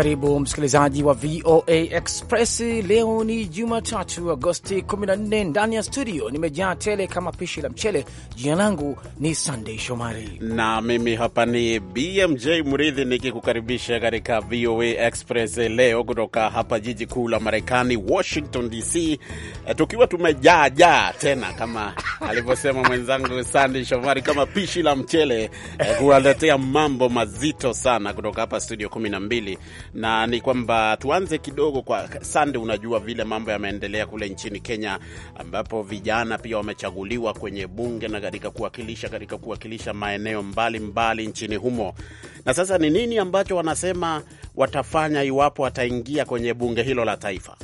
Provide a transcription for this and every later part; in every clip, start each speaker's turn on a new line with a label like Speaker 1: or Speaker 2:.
Speaker 1: Karibu msikilizaji wa VOA Express. Leo ni Jumatatu, Agosti 14. Ndani ya studio nimejaa tele kama pishi la mchele. Jina langu ni Sandey Shomari
Speaker 2: na mimi hapa ni BMJ Mridhi nikikukaribisha katika VOA Express leo kutoka hapa jiji kuu la Marekani, Washington DC, eh, tukiwa tumejaajaa tena kama alivyosema mwenzangu Sandey Shomari, kama pishi la mchele eh, kuwaletea mambo mazito sana kutoka hapa studio 12 na ni kwamba tuanze kidogo kwa Sande. Unajua vile mambo yameendelea kule nchini Kenya, ambapo vijana pia wamechaguliwa kwenye bunge na katika kuwakilisha katika kuwakilisha maeneo mbalimbali mbali nchini humo. Na sasa ni nini ambacho wanasema watafanya iwapo wataingia kwenye bunge hilo la taifa?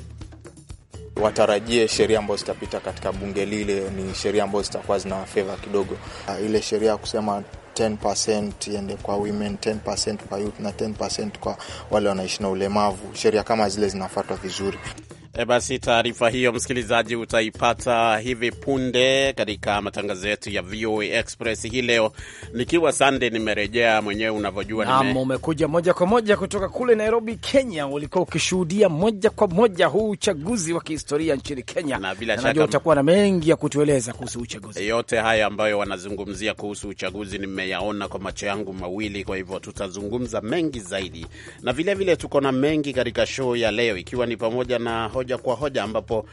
Speaker 3: watarajie sheria ambazo zitapita katika bunge lile ni sheria ambazo zitakuwa zina fedha kidogo. Ah, ile sheria ya kusema 10% iende kwa women, 10% kwa youth na 10% kwa wale wanaishi na ulemavu, sheria kama zile zinafuatwa vizuri.
Speaker 2: E, basi taarifa hiyo msikilizaji utaipata hivi punde katika matangazo yetu ya VOA Express hii leo, nikiwa Sunday nimerejea mwenyewe, unavyojua nime...
Speaker 1: umekuja moja kwa moja kutoka kule Nairobi, Kenya. Ulikuwa ukishuhudia moja kwa moja huu uchaguzi wa kihistoria nchini Kenya, na bila shaka utakuwa na mengi ya kutueleza kuhusu uchaguzi. Yote
Speaker 2: haya ambayo wanazungumzia kuhusu uchaguzi nimeyaona kwa macho yangu mawili, kwa hivyo tutazungumza mengi zaidi, na vilevile tuko na mengi katika show ya leo, ikiwa ni pamoja na hoja kwa hoja, ambapo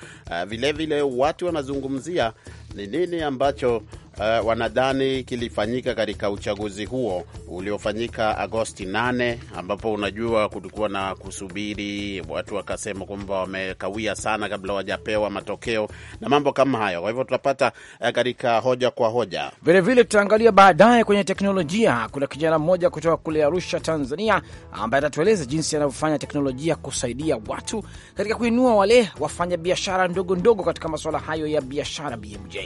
Speaker 2: vilevile eh, uh, vile watu wanazungumzia ni nini ambacho uh, wanadhani kilifanyika katika uchaguzi huo uliofanyika Agosti 8, ambapo unajua kulikuwa na kusubiri, watu wakasema kwamba wamekawia sana kabla wajapewa matokeo na mambo kama hayo. Kwa hivyo tutapata uh, katika hoja
Speaker 1: kwa hoja, vilevile tutaangalia baadaye kwenye teknolojia. Kuna kijana mmoja kutoka kule Arusha, Tanzania, ambaye atatueleza jinsi anavyofanya teknolojia kusaidia watu katika kuinua wale wafanya biashara ndogo ndogo katika masuala hayo ya biashara. BMJ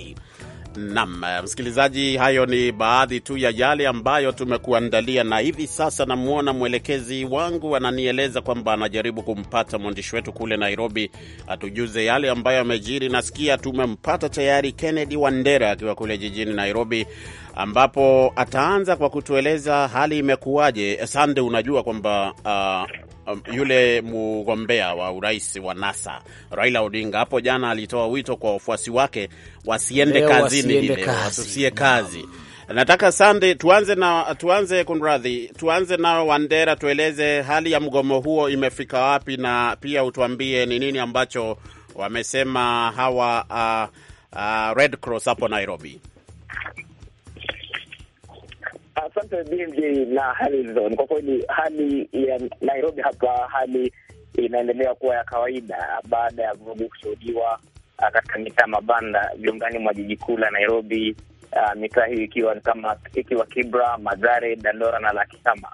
Speaker 2: Nam msikilizaji, hayo ni baadhi tu ya yale ambayo tumekuandalia, na hivi sasa namwona mwelekezi wangu ananieleza kwamba anajaribu kumpata mwandishi wetu kule Nairobi atujuze yale ambayo amejiri. Nasikia tumempata tayari, Kennedy Wandera akiwa kule jijini Nairobi, ambapo ataanza kwa kutueleza hali imekuwaje. Sande, unajua kwamba uh, um, yule mgombea wa urais wa NASA Raila Odinga hapo jana alitoa wito kwa wafuasi wake wasiende leo kazini, wasusie kazi, kazi. Nataka sande, tuanze na tuanze kunradhi, tuanze na Wandera, tueleze hali ya mgomo huo imefika wapi, na pia utuambie ni nini ambacho wamesema hawa uh, uh, Red Cross hapo Nairobi.
Speaker 4: Asante BMJ na Harizon. Kwa kweli hali ya Nairobi hapa, hali inaendelea kuwa ya kawaida baada ya vurugu kushuhudiwa ah, katika mitaa mabanda viungani mwa jiji kuu la Nairobi, ah, mitaa hii ikiwa kama ikiwa Kibra, Madhare, Dandora na Lakisama.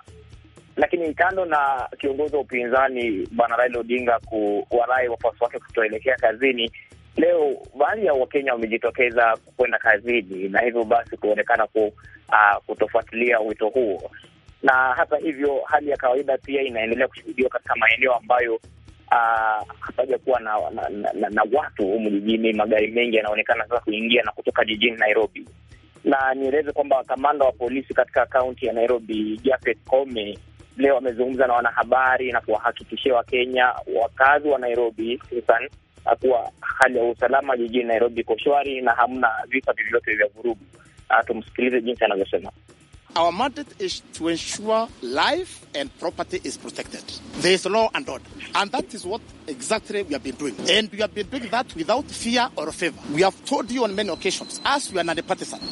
Speaker 4: Lakini kando na kiongozi wa upinzani Bwana Raila Odinga kuwarai wafuasi wake kutoelekea kazini, Leo baadhi ya Wakenya wamejitokeza kwenda kazini na hivyo basi kuonekana ku, uh, kutofuatilia wito huo, na hata hivyo hali ya kawaida pia inaendelea kushuhudiwa katika maeneo ambayo uh, ah, hapaja kuwa na, na, na, na, na watu humu jijini. Magari mengi yanaonekana sasa kuingia na kutoka jijini Nairobi, na nieleze kwamba kamanda wa polisi katika kaunti ya Nairobi Japhet Koome leo amezungumza na wanahabari na kuwahakikishia Wakenya wakazi wa Nairobi hususan kuwa hali ya usalama jijini Nairobi iko shwari na hamna visa vyovyote vya vurugu. Ah, tumsikilize jinsi anavyosema.
Speaker 3: Our mandate is to ensure life and property is protected. There is law and order. And that is what exactly we have been doing. And we have been doing that without fear or favor. We have told you on many occasions, as we are non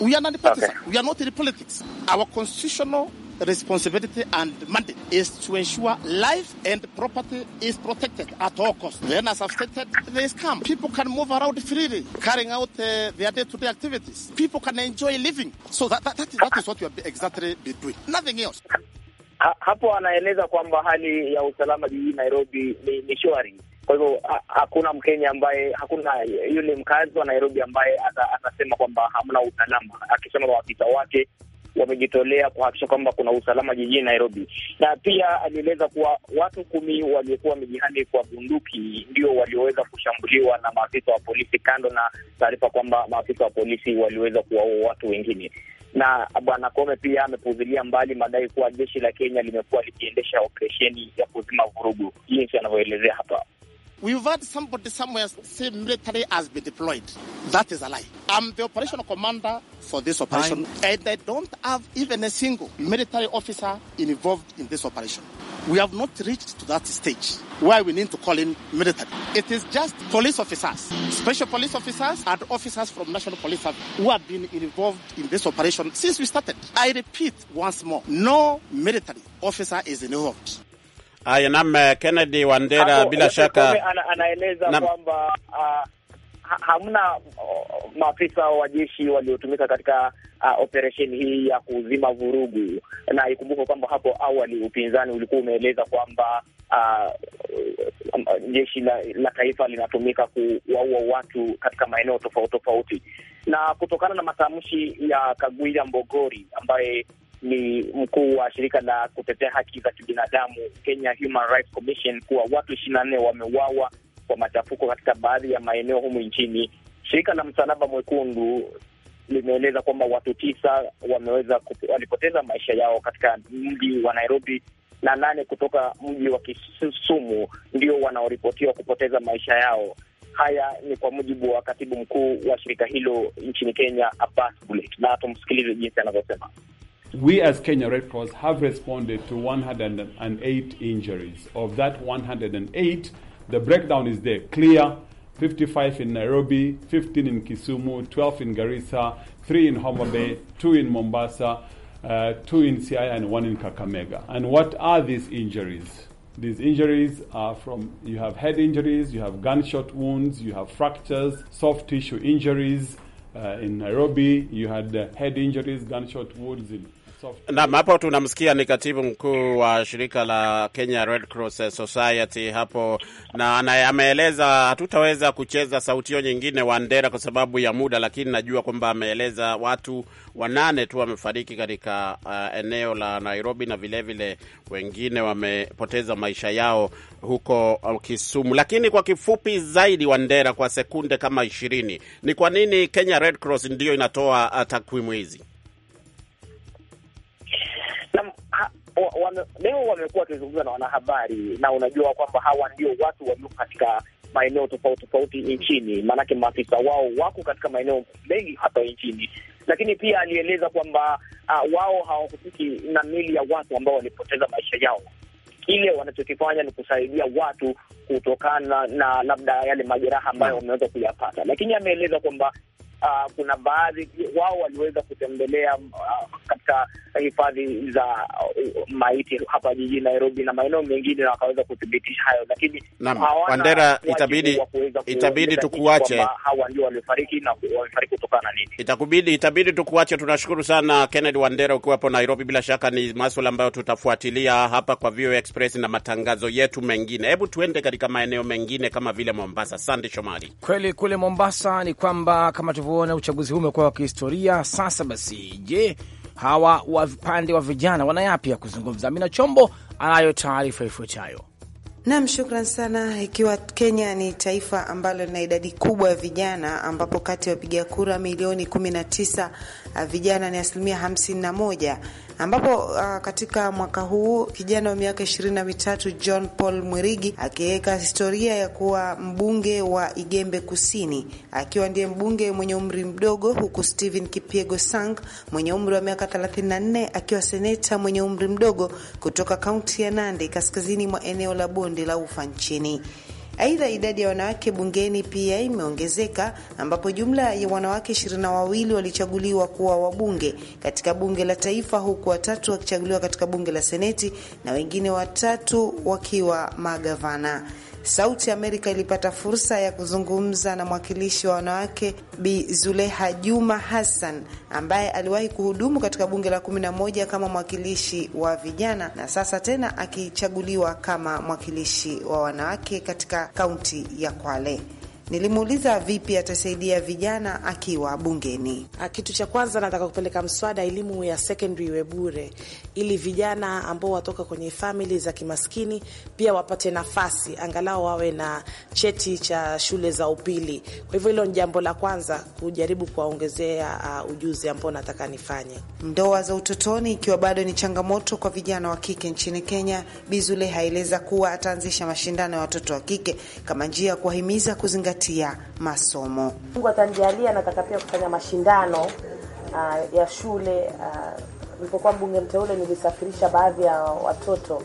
Speaker 3: We are non Okay. We are not in politics. Our constitutional responsibility and mandate is to ensure life and property is protected at all costs. Then, as I've stated, there is calm. People can move around freely, carrying out uh, their day-to-day activities. People can enjoy living. So that, that, that, is, that is what we are exactly be doing. Nothing else. Ha,
Speaker 4: hapo anaeleza kwamba hali ya usalama jijini Nairobi ni, ni shwari. Kwa hivyo hakuna Mkenya ambaye hakuna yule mkazi wa Nairobi ambaye atasema kwamba hamna usalama, akisema maafisa wake wamejitolea kuhakikisha kwamba kuna usalama jijini Nairobi, na pia alieleza kuwa watu kumi waliokuwa wamejihami kwa bunduki ndio walioweza kushambuliwa na maafisa wa polisi, kando na taarifa kwamba maafisa wa polisi waliweza kuwaua watu wengine. Na bwana Kome pia amepuzilia mbali madai kuwa jeshi la Kenya limekuwa
Speaker 3: likiendesha operesheni ya kuzima vurugu, jinsi anavyoelezea hapa. We've heard somebody somewhere say military has been deployed. That is a lie. I'm the operational commander for this operation, I'm... and I don't have even a single military officer involved in this operation. We have not reached to that stage where we need to call in military. It is just police officers, special police officers, and officers from National Police who have been involved in this operation since we started. I repeat once more, no military officer is involved.
Speaker 2: Haya, nam eh, Kennedy Wandera Ako, bila shaka ana,
Speaker 3: anaeleza
Speaker 4: kwamba uh, hamna uh, maafisa wa jeshi waliotumika katika uh, operesheni hii ya kuzima vurugu, na ikumbuke kwamba hapo awali upinzani ulikuwa umeeleza kwamba Uh, jeshi la, la taifa linatumika kuwaua watu katika maeneo tofauti tofauti, na kutokana na matamshi ya Kagwira Mbogori ambaye ni mkuu wa shirika la kutetea haki za kibinadamu Kenya Human Rights Commission kuwa watu ishirini na nne wameuawa kwa machafuko katika baadhi ya maeneo humu nchini. Shirika la Msalaba Mwekundu limeeleza kwamba watu tisa wameweza walipoteza maisha yao katika mji wa Nairobi na nane kutoka mji wa Kisumu ndio wanaoripotiwa kupoteza maisha yao. Haya ni kwa mujibu wa katibu mkuu wa shirika hilo nchini Kenya, Abbas Bulet, na tumsikilize jinsi anavyosema.
Speaker 2: we as Kenya Red Cross have responded to 108 injuries. Of that 108, the breakdown is there clear 55 in Nairobi, 15 in Kisumu, 12 in Garissa, 3 in Homa Bay, 2 in Mombasa, uh, 2 in Siaya, and 1 in Kakamega. And what are these injuries? These injuries are from you have head injuries, you have gunshot wounds, you have fractures, soft tissue injuries. Uh, in Nairobi, you had uh, head injuries, gunshot wounds in Naam, hapo tunamsikia ni katibu mkuu wa shirika la Kenya Red Cross Society hapo, na, ameeleza hatutaweza kucheza sautio nyingine Wandera kwa sababu ya muda, lakini najua kwamba ameeleza watu wanane tu wamefariki katika uh, eneo la Nairobi na vilevile vile wengine wamepoteza maisha yao huko uh, Kisumu. Lakini kwa kifupi zaidi, Wandera, kwa sekunde kama ishirini, ni kwa nini Kenya Red Cross ndio inatoa uh, takwimu hizi?
Speaker 4: wame, leo wamekuwa wakizungumza na wanahabari, na unajua kwamba hawa ndio watu walio katika maeneo tofauti tofauti nchini, maanake maafisa wao wako katika maeneo mengi hapa nchini. Lakini pia alieleza kwamba uh, wao hawahusiki na mili ya watu ambao walipoteza maisha yao. Kile wanachokifanya ni kusaidia watu kutokana na labda yale majeraha ambayo mm. wameweza kuyapata, lakini ameeleza kwamba uh, kuna baadhi wao waliweza kutembelea uh, katika hifadhi za uh, maiti hapa jijini Nairobi na maeneo mengine, na wakaweza kuthibitisha hayo, lakini Wandera, itabidi itabidi tukuache. Hawa ndio waliofariki na wamefariki kutokana
Speaker 2: na nini, itakubidi itabidi tukuache. Tunashukuru sana Kennedy Wandera ukiwa hapo Nairobi. Bila shaka ni maswala ambayo tutafuatilia hapa kwa VOA Express na matangazo yetu mengine. Hebu tuende katika maeneo mengine kama vile Mombasa. Sande Shomari,
Speaker 1: kweli kule Mombasa ni kwamba kama tuvu tunavyoona uchaguzi huu umekuwa wa kihistoria. Sasa basi, je, hawa wapande wa vijana wana yapi ya kuzungumza? Amina Chombo anayo taarifa ifuatayo.
Speaker 5: Nam, shukran sana. Ikiwa Kenya ni taifa ambalo lina idadi kubwa ya vijana, ambapo kati ya wapiga kura milioni 19 vijana ni asilimia 51, ambapo uh, katika mwaka huu kijana wa miaka ishirini na mitatu John Paul Mwerigi akiweka historia ya kuwa mbunge wa Igembe Kusini akiwa ndiye mbunge mwenye umri mdogo, huku Stephen Kipiego Sang mwenye umri wa miaka 34 akiwa seneta mwenye umri mdogo kutoka kaunti ya Nandi kaskazini mwa eneo la bonde la Ufa nchini. Aidha, idadi ya wanawake bungeni pia imeongezeka ambapo jumla ya wanawake ishirini na wawili walichaguliwa kuwa wabunge katika bunge la taifa, huku watatu wakichaguliwa katika bunge la seneti na wengine watatu wakiwa magavana. Sauti ya Amerika ilipata fursa ya kuzungumza na mwakilishi wa wanawake Bi Zuleha Juma Hassan ambaye aliwahi kuhudumu katika bunge la 11 kama mwakilishi wa vijana na sasa tena akichaguliwa kama mwakilishi wa wanawake katika kaunti ya Kwale. Nilimuuliza vipi atasaidia vijana akiwa bungeni. Ah, kitu cha kwanza nataka kupeleka mswada elimu ya secondary iwe bure, ili vijana ambao watoka kwenye famili za kimaskini pia wapate nafasi, angalau wawe na cheti cha shule za upili. Kwa hivyo hilo ni jambo la kwanza, kujaribu kuwaongezea uh, ujuzi ambao nataka nifanye. Ndoa za utotoni ikiwa bado ni changamoto kwa vijana wa kike nchini Kenya, Bizule haeleza kuwa ataanzisha mashindano ya watoto wa kike kama njia ya kuwahimiza kuzingatia kuzingatia masomo.
Speaker 6: Mungu atanijalia, nataka pia kufanya mashindano uh, ya shule. Uh, nilipokuwa uh, mbunge mteule nilisafirisha baadhi ya watoto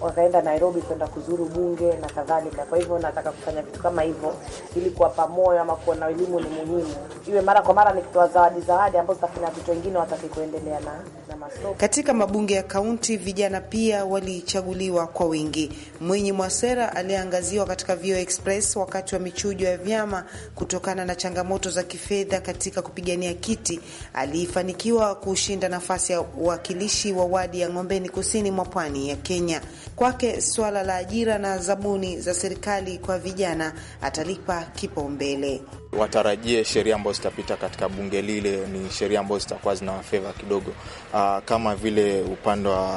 Speaker 6: wakaenda Nairobi kwenda kuzuru bunge na kadhalika. Kwa hivyo nataka kufanya vitu kama hivyo ili kuwapa moyo ama kuona elimu ni muhimu, iwe mara kwa mara nikitoa zawadi zawadi ambazo zitafanya vitu wengine wataki kuendelea na, na
Speaker 5: masomo. Katika mabunge ya kaunti vijana pia walichaguliwa kwa wingi. Mwinyi Mwasera aliyeangaziwa katika Vio Express wakati wa michujo ya vyama kutokana na changamoto za kifedha katika kupigania kiti, alifanikiwa kushinda nafasi ya uwakilishi wa wadi ya Ng'ombeni kusini mwa pwani ya Kenya. Kwake suala la ajira na zabuni za serikali kwa vijana atalipa kipaumbele.
Speaker 3: Watarajie sheria ambazo zitapita katika bunge lile ni sheria ambazo zitakuwa zina fedha kidogo. Aa, ah, kama vile upande wa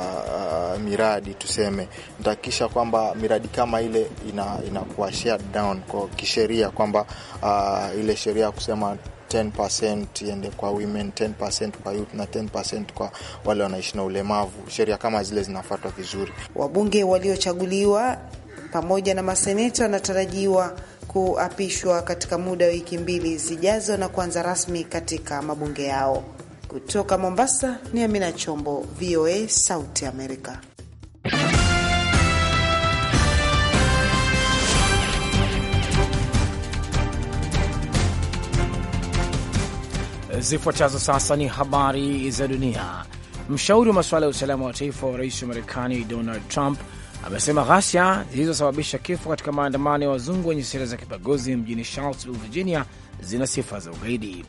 Speaker 3: uh, miradi tuseme, nitahakikisha kwamba miradi kama ile inakuwa ina shared down kwa kisheria kwamba uh, ile sheria ya kusema 10% iende kwa women 10% kwa youth na 10% kwa wale wanaishi na ulemavu. Sheria kama zile zinafuatwa vizuri.
Speaker 5: Wabunge waliochaguliwa pamoja na maseneta wanatarajiwa kuapishwa katika muda wa wiki mbili zijazo na kuanza rasmi katika mabunge yao. Kutoka Mombasa ni Amina Chombo, VOA, Sauti Amerika.
Speaker 1: Zifuatazo sasa ni habari za dunia. Mshauri wa masuala ya usalama wa taifa wa rais wa Marekani Donald Trump amesema ghasia zilizosababisha kifo katika maandamano ya wazungu wenye sera za kibaguzi mjini Charlottesville, Virginia zina sifa za ugaidi.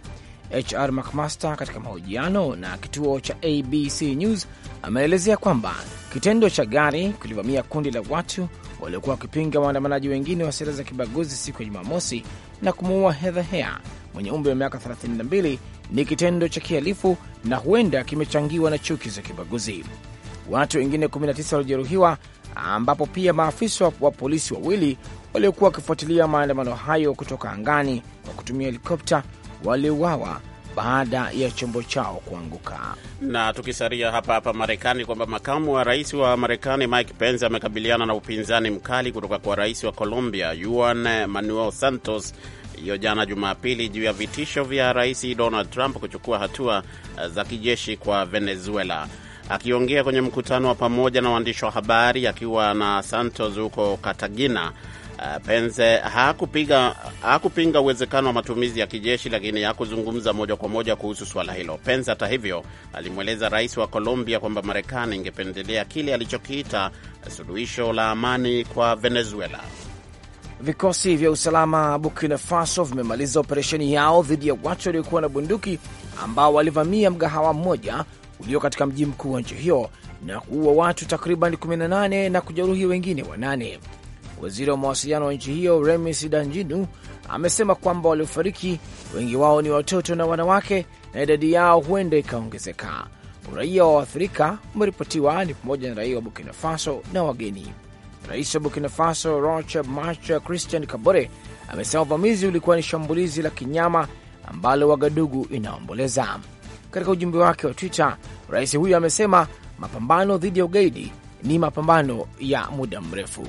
Speaker 1: HR McMaster katika mahojiano na kituo cha ABC News ameelezea kwamba kitendo cha gari kulivamia kundi la watu waliokuwa wakipinga waandamanaji wengine wa sera za kibaguzi siku ya Jumamosi na kumuua Heather Heyer mwenye umri wa miaka 32 ni kitendo cha kihalifu na huenda kimechangiwa na chuki za kibaguzi. Watu wengine 19 walijeruhiwa, ambapo pia maafisa wa polisi wawili waliokuwa wakifuatilia maandamano hayo kutoka angani kwa kutumia helikopta waliuawa baada ya chombo chao kuanguka.
Speaker 2: Na tukisalia hapa hapa Marekani, kwamba makamu wa rais wa Marekani Mike Pence amekabiliana na upinzani mkali kutoka kwa rais wa Colombia Juan Manuel Santos hiyo jana Jumapili juu ya vitisho vya Rais Donald Trump kuchukua hatua eh, za kijeshi kwa Venezuela. Akiongea kwenye mkutano wa pamoja na waandishi wa habari akiwa na Santos huko katagina eh, Pence hakupiga hakupinga uwezekano wa matumizi ya kijeshi, lakini hakuzungumza moja kwa moja kuhusu suala hilo. Pence hata hivyo alimweleza rais wa Colombia kwamba Marekani ingependelea kile alichokiita suluhisho la amani kwa Venezuela.
Speaker 1: Vikosi vya usalama Burkina Faso vimemaliza operesheni yao dhidi ya watu waliokuwa na bunduki ambao walivamia mgahawa mmoja ulio katika mji mkuu wa nchi hiyo na kuua watu takriban 18 na kujeruhi wengine wanane. Waziri wa mawasiliano wa nchi hiyo Remis Danjinu amesema kwamba waliofariki wengi wao ni watoto na wanawake, na idadi yao huenda ikaongezeka. Raia wa waathirika umeripotiwa ni pamoja na raia wa Burkina Faso na wageni. Rais wa Burkina Faso Roch Marc Christian Kabore amesema uvamizi ulikuwa ni shambulizi la kinyama ambalo Wagadugu inaomboleza. Katika ujumbe wake wa Twitter, rais huyo amesema mapambano dhidi ya ugaidi ni mapambano ya muda mrefu.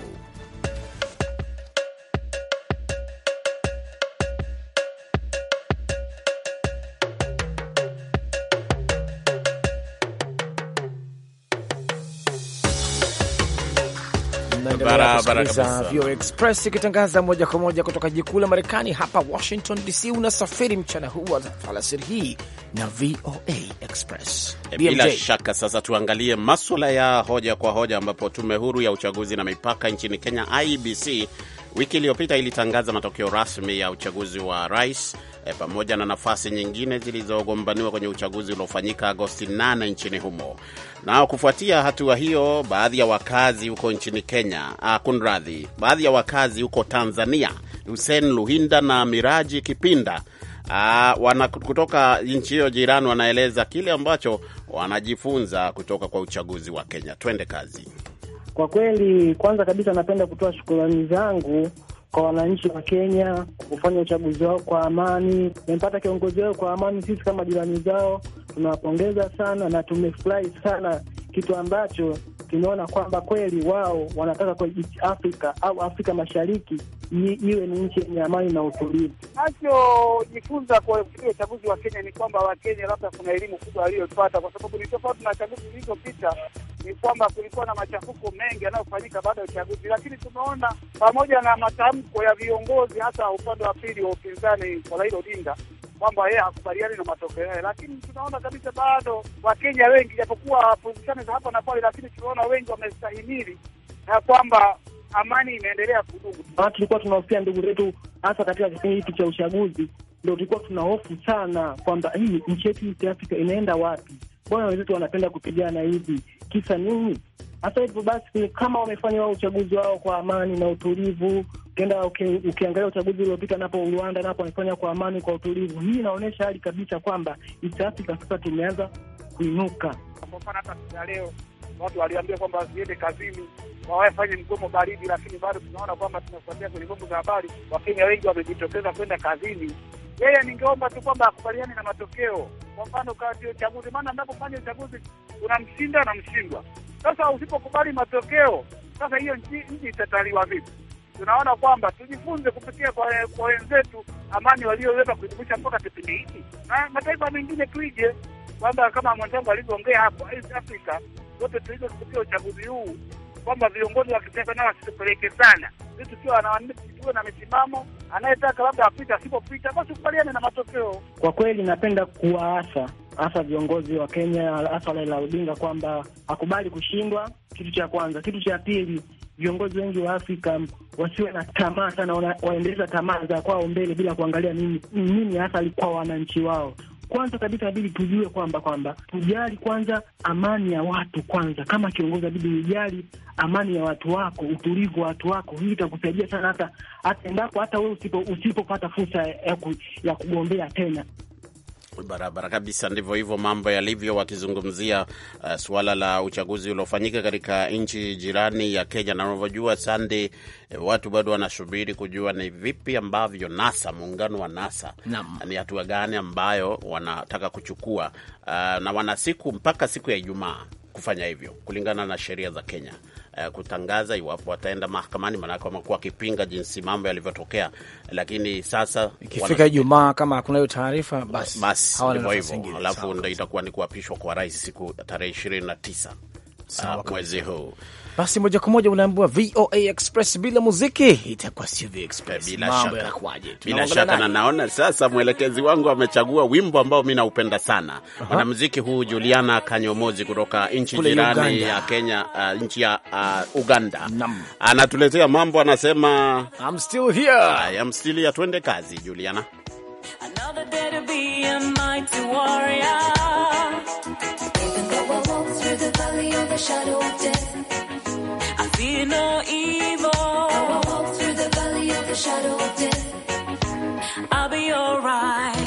Speaker 1: Barabara VOA Express ikitangaza moja kwa moja kutoka jikuu la Marekani hapa Washington DC. Unasafiri mchana huu wa alasiri hii na VOA Express
Speaker 2: e, bila shaka. Sasa tuangalie maswala ya hoja kwa hoja, ambapo tume huru ya uchaguzi na mipaka nchini Kenya IBC wiki iliyopita ilitangaza matokeo rasmi ya uchaguzi wa rais e, pamoja na nafasi nyingine zilizogombaniwa kwenye uchaguzi uliofanyika Agosti 8 nchini humo. Na kufuatia hatua hiyo, baadhi ya wakazi huko nchini Kenya, kunradhi, baadhi ya wakazi huko Tanzania, Hussein Luhinda na Miraji Kipinda Aa, wana kutoka nchi hiyo jirani wanaeleza kile ambacho wanajifunza kutoka kwa uchaguzi wa Kenya. Twende kazi.
Speaker 7: Kwa kweli, kwanza kabisa napenda kutoa shukurani zangu kwa wananchi wa Kenya kufanya uchaguzi wao kwa amani. Tumempata kiongozi wao kwa amani, sisi kama jirani zao tunawapongeza sana na tumefurahi sana, kitu ambacho tumeona kwamba kweli wao wanataka kwa Afrika au Afrika Mashariki iwe ni nchi yenye amani na utulivu.
Speaker 8: Nachojifunza kwa uchaguzi wa Kenya ni kwamba Wakenya labda kuna elimu kubwa waliyopata, kwa sababu ni tofauti na chaguzi zilizopita ni kwamba kulikuwa na machafuko mengi yanayofanyika baada ya uchaguzi, lakini tumeona pamoja na matamko ya viongozi, hasa upande wa pili wa upinzani kwa Raila Odinga kwamba yeye hakubaliani na matokeo yayo, lakini tunaona kabisa bado Wakenya wengi, japokuwa purukushani za hapa na pale, lakini tunaona wengi wamestahimili na kwamba amani imeendelea kudumu.
Speaker 7: Ah, tulikuwa tunahofia ndugu zetu, hasa katika kipindi hiki cha uchaguzi, ndo tulikuwa tuna hofu sana kwamba hii nchi yetu East Africa inaenda wapi? Mbona wenzetu wanapenda kupigana hivi, kisa nini? Hata hivyo basi, kama wamefanya wao uchaguzi wao kwa amani na utulivu, ukienda ukiangalia uchaguzi uliopita napo Rwanda, napo wamefanya kwa amani, kwa utulivu. Hii inaonyesha hali kabisa kwamba East Africa sasa tumeanza kuinuka.
Speaker 8: Kwa mfano hata leo watu waliambia kwamba ziende kazini wawafanye mgomo baridi, lakini bado tunaona kwamba tunafuatia kwenye vyombo vya habari, Wakenya wengi wamejitokeza kwenda kazini. Yeye ningeomba tu kwamba akubaliane na matokeo, kwa mfano kati ya uchaguzi, maana anapofanya uchaguzi kuna mshinda na mshindwa. Sasa usipokubali matokeo, sasa hiyo nchi itataliwa vipi? Tunaona kwamba tujifunze kupitia kwa wenzetu amani walioweza kuidumisha mpaka kipindi hiki, na mataifa mengine tuije kwamba kama mwenzangu alivyoongea hapo, East Africa wote tuige kupitia uchaguzi huu kwamba viongozi wa kitaifa nao wasitupeleke sana sisi, tukiwa tukiwa na misimamo, anayetaka labda apita, asipopita basi ukubaliane na matokeo.
Speaker 7: Kwa kweli, napenda kuwaasa hasa viongozi wa Kenya, hasa Raila Odinga kwamba akubali kushindwa, kitu cha kwanza. Kitu cha pili, viongozi wengi wa Afrika wasiwe na tamaa sana, waendeleza tamaa za kwao mbele bila kuangalia nini nini hasa kwa wananchi wao kwanza kabisa inabidi tujue kwamba kwamba tujali kwanza amani ya watu kwanza. Kama kiongozi inabidi ujali amani ya watu wako, utulivu wa watu wako. Hii itakusaidia sana, hata hata endapo hata wewe usipopata usipo fursa ya, ya kugombea tena
Speaker 2: barabara kabisa, ndivyo hivyo mambo yalivyo, wakizungumzia uh, suala la uchaguzi uliofanyika katika nchi jirani ya Kenya. Na unavyojua sande eh, watu bado wanasubiri kujua ni vipi ambavyo NASA, muungano wa NASA Nam. ni hatua gani ambayo wanataka kuchukua uh, na wana siku mpaka siku ya Ijumaa kufanya hivyo kulingana na sheria za Kenya uh, kutangaza iwapo wataenda mahakamani, maanake wamekuwa wakipinga jinsi mambo yalivyotokea, lakini sasa
Speaker 1: ikifika Ijumaa kama hakuna hiyo taarifa basi,
Speaker 2: basi hivyo, alafu ndo itakuwa ni kuapishwa kwa rais siku tarehe ishirini na tisa ah, mwezi huu.
Speaker 1: Basi moja kwa moja unaambiwa VOA Express bila muziki itakuwa sio VOA Express. Bila shaka,
Speaker 2: bila shaka na naona sasa mwelekezi wangu amechagua wimbo ambao mi naupenda sana. Mwanamuziki huu Juliana Kanyomozi kutoka nchi jirani ya Kenya, uh, nchi ya uh, Uganda Nam. anatuletea mambo, anasema I'm still here. I am still here. Tuende kazi Juliana.
Speaker 9: Another day to be a no evil. I will walk through the valley of the shadow of death. I'll be alright.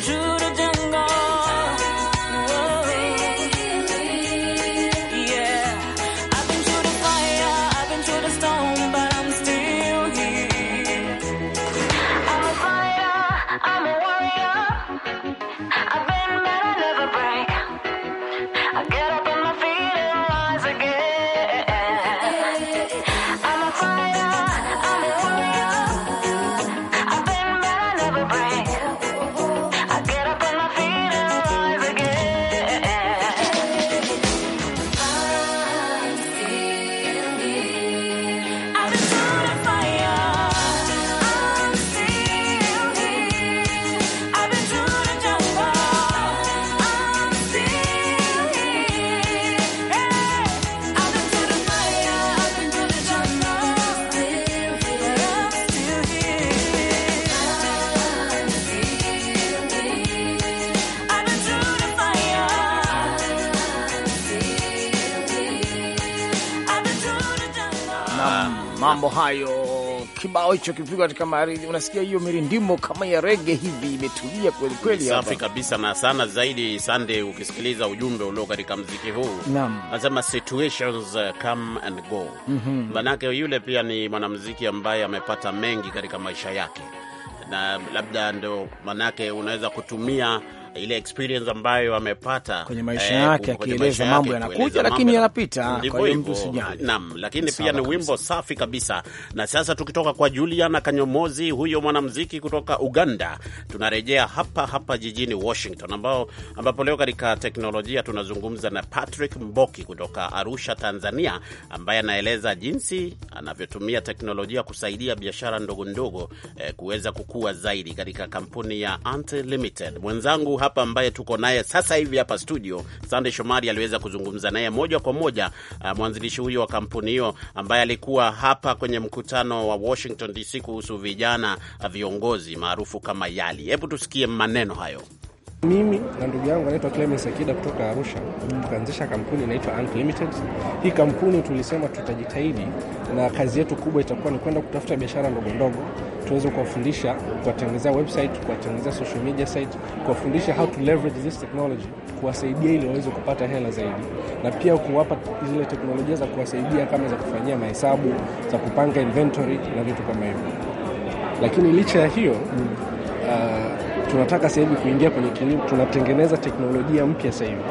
Speaker 9: 住。
Speaker 1: mambo hayo. Kibao hicho kipigwa katika maridhi. unasikia hiyo mirindimo kama ya rege hivi, imetulia kweli kweli, safi
Speaker 2: kabisa, na sana zaidi Sunday. Ukisikiliza ujumbe ulio katika mziki huu, nasema situations uh, come and go, mhm. manake mm -hmm. Yule pia ni mwanamziki ambaye amepata mengi katika maisha yake na labda ndo manake unaweza kutumia ile experience ambayo amepata kwenye eh, maisha yake, akieleza mambo yanakuja lakini yanapita. Kwa hiyo mtu usijali. Naam, lakini pia ni wimbo safi kabisa. Na sasa tukitoka kwa Juliana Kanyomozi, huyo mwanamuziki kutoka Uganda, tunarejea hapa hapa jijini Washington, ambao ambapo leo katika teknolojia tunazungumza na Patrick Mboki kutoka Arusha, Tanzania, ambaye anaeleza jinsi anavyotumia teknolojia kusaidia biashara ndogo ndogo eh, kuweza kukua zaidi katika kampuni ya Ant Limited. Mwenzangu hapa ambaye tuko naye sasa hivi hapa studio, Sande Shomari aliweza kuzungumza naye moja kwa moja, uh, mwanzilishi huyo wa kampuni hiyo ambaye alikuwa hapa kwenye mkutano wa Washington DC kuhusu vijana uh, viongozi maarufu kama YALI. Hebu tusikie maneno hayo.
Speaker 10: Mimi na ndugu yangu anaitwa Clemens Akida kutoka Arusha, tukaanzisha kampuni inaitwa Unlimited. Hii kampuni tulisema tutajitahidi, na kazi yetu kubwa itakuwa ni kwenda kutafuta biashara ndogo ndogo tuweze kuwafundisha, kuwatengenezea website, kuwatengenezea social media site, kuwafundisha how to leverage this technology, kuwasaidia ili waweze kupata hela zaidi, na pia kuwapa zile teknolojia za kuwasaidia kama za kufanyia mahesabu, za kupanga inventory na vitu kama hivyo. Lakini licha ya hiyo uh, tunataka sasa hivi kuingia kwenye kilimo, tunatengeneza teknolojia mpya sasa hivi.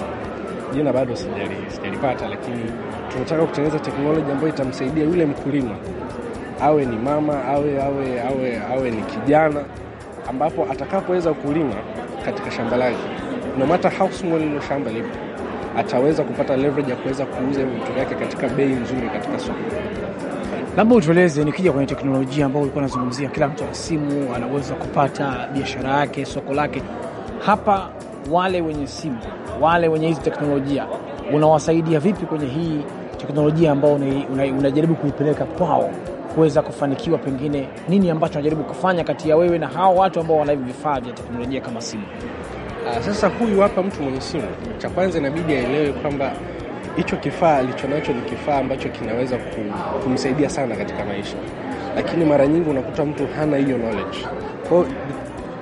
Speaker 10: Jina bado sijalipata, lakini tunataka kutengeneza teknolojia ambayo itamsaidia yule mkulima, awe ni mama, awe awe awe awe ni kijana, ambapo atakapoweza kulima katika shamba lake, no matter how small ile shamba lipo, ataweza kupata leverage ya kuweza kuuza vitu vyake katika bei nzuri katika soko.
Speaker 1: Labda utueleze, nikija kwenye teknolojia ambayo ulikuwa unazungumzia, kila mtu ana simu, anaweza kupata biashara yake, soko lake. Hapa wale wenye simu, wale wenye hizi teknolojia, unawasaidia vipi kwenye hii teknolojia ambayo unajaribu kuipeleka kwao kuweza kufanikiwa? Pengine nini ambacho unajaribu kufanya kati ya wewe na hawa watu ambao wana hivi vifaa vya teknolojia kama simu? Ah, sasa huyu
Speaker 10: hapa mtu mwenye simu, cha kwanza inabidi aelewe kwamba hicho kifaa alichonacho ni kifaa ambacho kinaweza kumsaidia sana katika maisha, lakini mara nyingi unakuta mtu hana hiyo knowledge. Kwa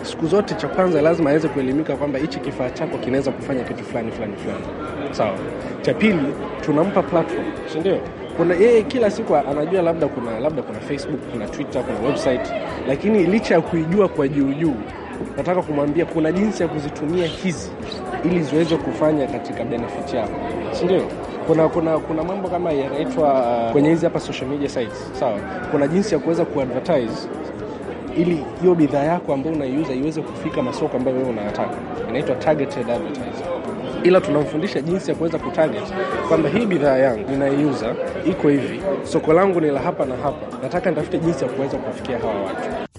Speaker 10: siku zote, cha kwanza lazima aweze kuelimika kwamba hichi kifaa chako kinaweza kufanya kitu fulani fulani fulani, sawa. Cha pili, tunampa platform, si ndio? Kuna yeye kila siku anajua labda kuna labda kuna Facebook, kuna Twitter, kuna website, lakini licha ya kuijua kwa juu juu, nataka kumwambia kuna jinsi ya kuzitumia hizi ili ziweze kufanya katika benefit yako, si ndio? Kuna, kuna, kuna mambo kama yanaitwa uh, kwenye hizi hapa social media sites sawa. Kuna jinsi ya kuweza kuadvertise ili hiyo bidhaa yako ambayo unaiuza iweze kufika masoko ambayo wewe unayataka, inaitwa targeted advertising. Ila tunamfundisha jinsi ya kuweza kutarget kwamba hii bidhaa yangu ninaiuza iko hivi, soko langu ni la hapa na hapa, nataka nitafute jinsi ya kuweza kuwafikia hawa
Speaker 9: watu.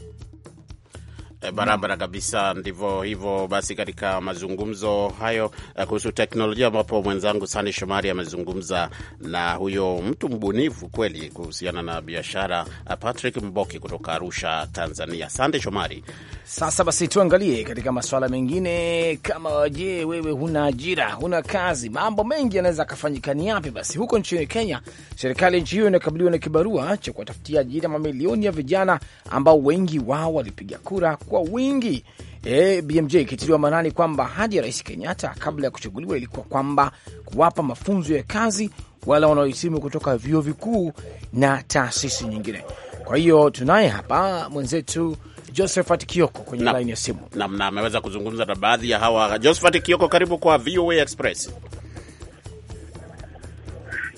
Speaker 2: Eh, barabara kabisa, ndivyo hivyo. Basi katika mazungumzo hayo eh, kuhusu teknolojia, ambapo mwenzangu Sani Shomari amezungumza na huyo mtu mbunifu kweli kuhusiana na biashara, eh, Patrick Mboki kutoka Arusha, Tanzania. Sande Shomari,
Speaker 1: sasa basi tuangalie katika masuala mengine kama je, wewe huna ajira, huna kazi, mambo mengi yanaweza akafanyika. Ni yapi basi? Huko nchini Kenya, serikali nchi hiyo inakabiliwa na kibarua cha kuwatafutia ajira mamilioni ya vijana ambao wengi wao walipiga kura kwa wingi. E, BMJ ikitiliwa maanani kwamba hadi ya Rais Kenyatta kabla ya kuchaguliwa ilikuwa kwamba kuwapa mafunzo ya kazi wala wanaohitimu kutoka vyuo vikuu na taasisi nyingine. Kwa hiyo tunaye hapa mwenzetu Josephat Kioko kwenye laini ya simu.
Speaker 2: Naam, na ameweza kuzungumza na baadhi ya hawa. Josephat Kioko, karibu kwa VOA Express.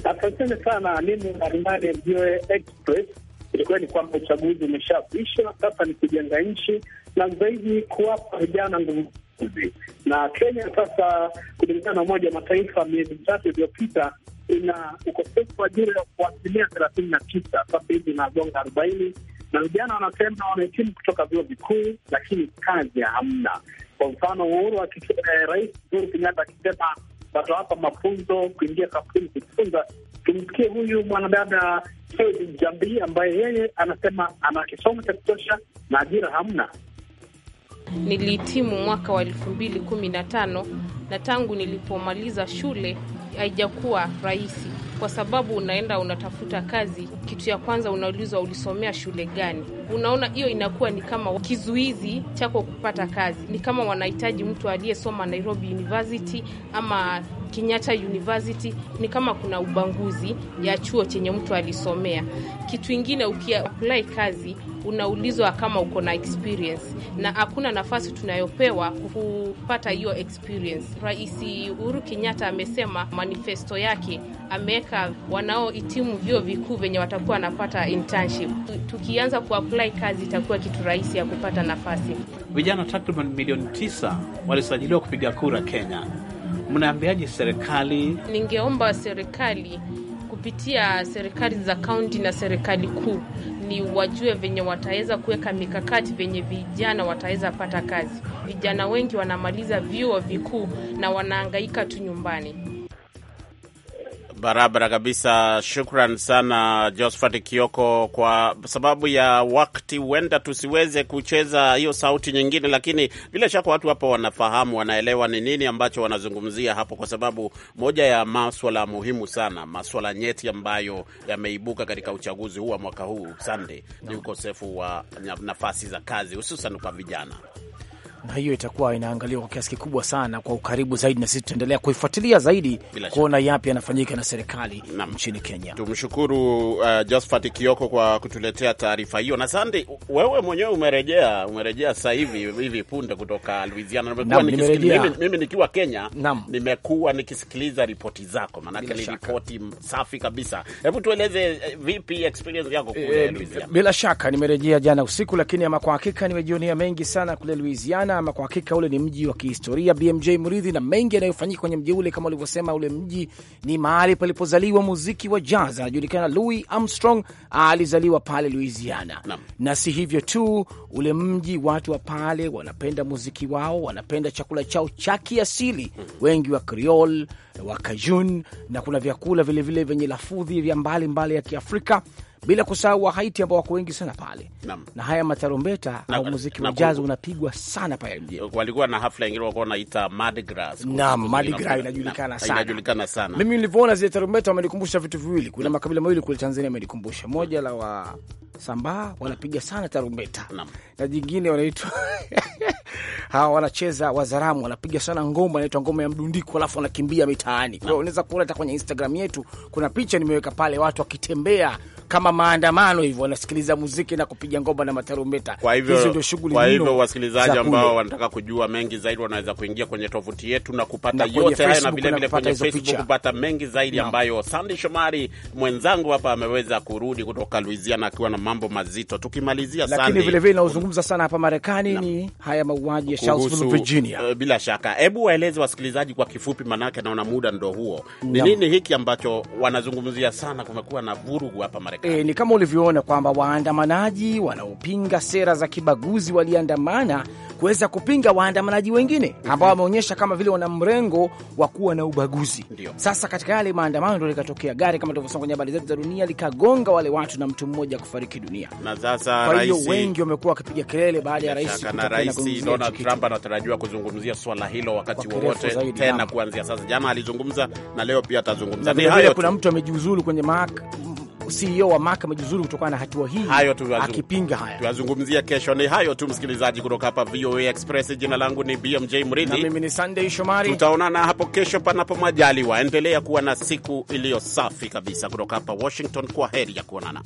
Speaker 1: Asanteni sana
Speaker 4: mimi mbalimbali VOA Express. Ilikuwa ni kwamba uchaguzi umeshakwisha, sasa ni kujenga nchi na zaidi kuwapa vijana nguvu na Kenya sasa, kulingana na Umoja wa Mataifa, miezi mitatu iliyopita, ina ukosefu wa ajira kwa asilimia thelathini na tisa sasa hivi inagonga arobaini na vijana wanasema wanahitimu kutoka vyuo vikuu lakini kazi hamna. Kwa mfano Uhuru eh, Rais
Speaker 8: Uhuru Kenyatta akisema watawapa mafunzo kuingia kampuni kujifunza. Tumsikie huyu mwanadada Jambii ambaye yeye anasema ana kisomo cha kutosha
Speaker 4: na ajira hamna.
Speaker 6: Nilihitimu mwaka wa elfu mbili kumi na tano na tangu nilipomaliza shule haijakuwa rahisi kwa sababu unaenda unatafuta kazi, kitu ya kwanza unaulizwa ulisomea shule gani. Unaona, hiyo inakuwa ni kama kizuizi chako kupata kazi. Ni kama wanahitaji mtu aliyesoma Nairobi University ama Kenyatta University. Ni kama kuna ubanguzi ya chuo chenye mtu alisomea. Kitu ingine ukiapply kazi unaulizwa kama uko na experience, na hakuna nafasi tunayopewa kupata hiyo experience. Rais Uhuru Kenyatta amesema manifesto yake ameweka wanaohitimu vyuo vikuu venye watakuwa wanapata internship. Tukianza kuapply kazi itakuwa kitu rahisi ya kupata nafasi.
Speaker 2: Vijana takriban milioni tisa walisajiliwa kupiga kura Kenya. Mnaambiaje serikali?
Speaker 6: Ningeomba serikali kupitia serikali za kaunti na serikali kuu ni wajue venye wataweza kuweka mikakati venye vijana wataweza pata kazi. Vijana wengi wanamaliza vyuo vikuu na wanaangaika tu nyumbani.
Speaker 2: Barabara kabisa. Shukran sana Josphat Kioko. Kwa sababu ya wakati, huenda tusiweze kucheza hiyo sauti nyingine, lakini bila shaka watu hapo wanafahamu, wanaelewa ni nini ambacho wanazungumzia hapo, kwa sababu moja ya maswala muhimu sana, maswala nyeti ambayo yameibuka katika uchaguzi huu wa mwaka huu sande ni ukosefu wa nafasi za kazi, hususan kwa vijana
Speaker 1: na hiyo itakuwa inaangaliwa kwa kiasi kikubwa sana kwa ukaribu zaidi, na sisi tutaendelea kuifuatilia zaidi kuona yapi yanafanyika na serikali nchini Kenya.
Speaker 2: Tumshukuru uh, Josphat Kioko kwa kutuletea taarifa hiyo. Na Sandi, wewe mwenyewe umerejea umerejea sasa hivi hivi punde kutoka Louisiana. mimi, mimi nikiwa Kenya nimekuwa nikisikiliza ripoti zako, maanake ni ripoti safi kabisa. Hebu tueleze eh, vipi experience yako kule eh, Louisiana? Bila
Speaker 1: shaka nimerejea jana usiku, lakini ama kwa hakika nimejionea mengi sana kule Louisiana ama kwa hakika ule ni mji wa kihistoria, BMJ Muridhi, na mengi yanayofanyika kwenye mji ule. Kama ulivyosema, ule mji ni mahali palipozaliwa muziki wa jazz. Anajulikana Louis Armstrong alizaliwa pale Louisiana na, na si hivyo tu, ule mji watu wa pale wanapenda muziki wao, wanapenda chakula chao cha kiasili, wengi wa Creole, wa Cajun, na kuna vyakula vilevile vyenye lafudhi vya mbalimbali mbali ya Kiafrika bila kusahau wa Haiti ambao wako wengi sana pale na, na haya matarumbeta au muziki wa jazz unapigwa sana pale
Speaker 2: mjini. Walikuwa na hafla nyingine walikuwa wanaita Mardi Gras. Naam, Mardi Gras inajulikana sana, inajulikana sana. Mimi
Speaker 1: nilivyoona zile tarumbeta wamenikumbusha vitu viwili. Kuna makabila mawili kule Tanzania yamenikumbusha. moja la wa Wasambaa wanapiga sana tarumbeta na, na jingine wanaitwa hawa wanacheza Wazaramu wanapiga sana ngoma inaitwa ngoma ya mdundiko, alafu wanakimbia mitaani. Kwa hiyo unaweza kuona hata kwenye Instagram yetu kuna picha nimeweka pale watu wakitembea kama maandamano hivyo, wanasikiliza muziki na kupiga ngoma na matarumbeta. Kwa
Speaker 2: hivyo ndio shughuli. Kwa hivyo wasikilizaji ambao wanataka kujua mengi zaidi wanaweza kuingia kwenye tovuti yetu na kupata na yote haya na vile vile kwenye Facebook picha, kupata mengi zaidi no. ambayo Sandy Shomari mwenzangu hapa ameweza kurudi kutoka Louisiana akiwa na mambo mazito. Tukimalizia Sandy, lakini vile vile naozungumza
Speaker 1: sana hapa Marekani ni haya mauaji ya Charlottesville, Virginia.
Speaker 2: Uh, bila shaka, hebu waeleze wasikilizaji kwa kifupi, manake naona muda ndo huo. Ni nini hiki ambacho wanazungumzia sana? Kumekuwa
Speaker 1: na vurugu hapa Marekani. Marekani. E, ni kama ulivyoona kwamba waandamanaji wanaopinga sera za kibaguzi waliandamana kuweza kupinga waandamanaji wengine ambao wameonyesha kama vile wana mrengo wa kuwa na ubaguzi. Ndiyo. Sasa katika yale maandamano ndo likatokea gari kama tulivyosema kwenye habari zetu za dunia likagonga wale watu na mtu mmoja kufariki dunia.
Speaker 2: Na sasa kwa hiyo wengi
Speaker 1: wamekuwa wakipiga kelele baada ya rais Donald
Speaker 2: Trump anatarajiwa kuzungumzia swala hilo wakati wowote tena kuanzia sasa. Jana alizungumza na leo pia atazungumza. Ni hayo, kuna
Speaker 1: mtu amejiuzulu kwenye mahakama CEO wa mahakama jiuzuru kutokana na hatua hii, akipinga haya.
Speaker 2: Tuyazungumzia kesho. Ni hayo tu, msikilizaji, kutoka hapa VOA Express. Jina langu ni BMJ Mridhi mimi ni Sunday Shomari. Tutaonana hapo kesho, panapo majaliwa. Endelea kuwa na siku iliyo safi kabisa. Kutoka hapa Washington, kwa heri ya kuonana.